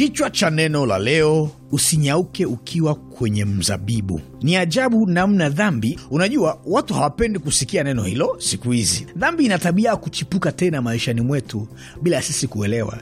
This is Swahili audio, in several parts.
Kichwa cha neno la leo, usinyauke ukiwa kwenye mzabibu. Ni ajabu namna dhambi, unajua watu hawapendi kusikia neno hilo siku hizi. Dhambi ina tabia ya kuchipuka tena maishani mwetu bila sisi kuelewa.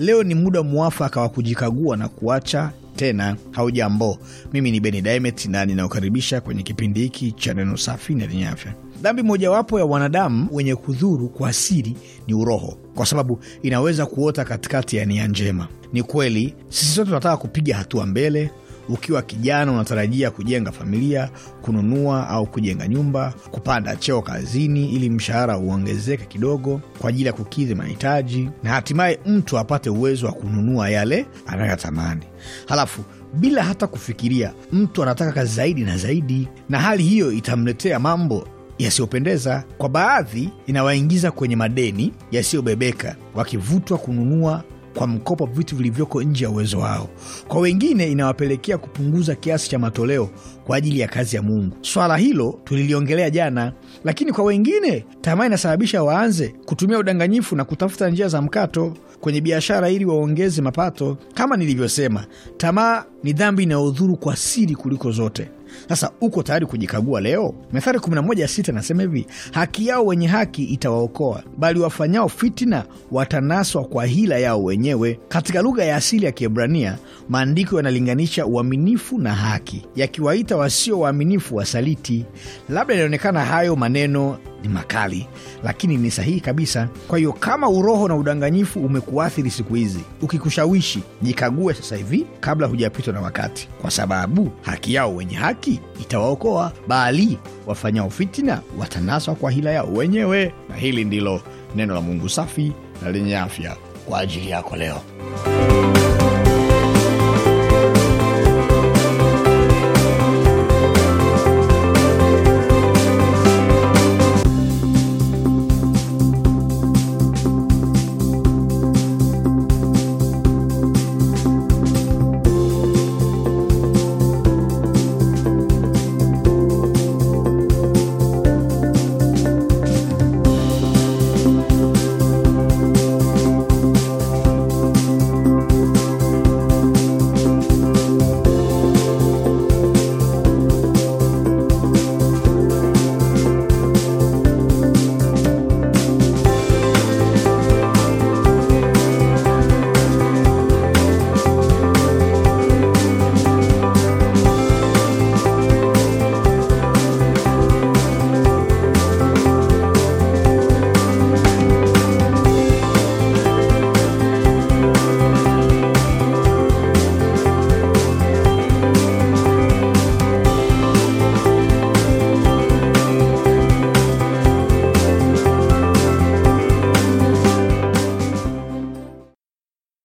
Leo ni muda mwafaka wa kujikagua na kuacha tena haujambo mimi ni beni dimet na ninaokaribisha kwenye kipindi hiki cha neno safi na lenye afya dhambi mojawapo ya wanadamu wenye kudhuru kwa asiri ni uroho kwa sababu inaweza kuota katikati ya nia njema ni kweli sisi sote tunataka kupiga hatua mbele ukiwa kijana unatarajia kujenga familia, kununua au kujenga nyumba, kupanda cheo kazini ili mshahara uongezeke kidogo kwa ajili ya kukidhi mahitaji, na hatimaye mtu apate uwezo wa kununua yale anayotamani. Halafu bila hata kufikiria, mtu anataka zaidi na zaidi, na hali hiyo itamletea mambo yasiyopendeza. Kwa baadhi, inawaingiza kwenye madeni yasiyobebeka, wakivutwa kununua kwa mkopo vitu vilivyoko nje ya uwezo wao. Kwa wengine inawapelekea kupunguza kiasi cha matoleo kwa ajili ya kazi ya Mungu. Swala hilo tuliliongelea jana, lakini kwa wengine tamaa inasababisha waanze kutumia udanganyifu na kutafuta njia za mkato kwenye biashara ili waongeze mapato. Kama nilivyosema, tamaa ni dhambi inayodhuru kwa siri kuliko zote. Sasa uko tayari kujikagua leo? Methali 11:6 nasema hivi, haki yao wenye haki itawaokoa, bali wafanyao fitina watanaswa kwa hila yao wenyewe. Katika lugha ya asili ya Kiebrania, maandiko yanalinganisha uaminifu na haki, yakiwaita wasio waaminifu wasaliti. Labda inaonekana hayo maneno ni makali, lakini ni sahihi kabisa. Kwa hiyo kama uroho na udanganyifu umekuathiri siku hizi, ukikushawishi, jikague sasa hivi kabla hujapitwa na wakati, kwa sababu haki yao wenye haki itawaokoa, bali wafanyao fitina watanaswa kwa hila yao wenyewe. Na hili ndilo neno la Mungu safi na lenye afya kwa ajili yako leo.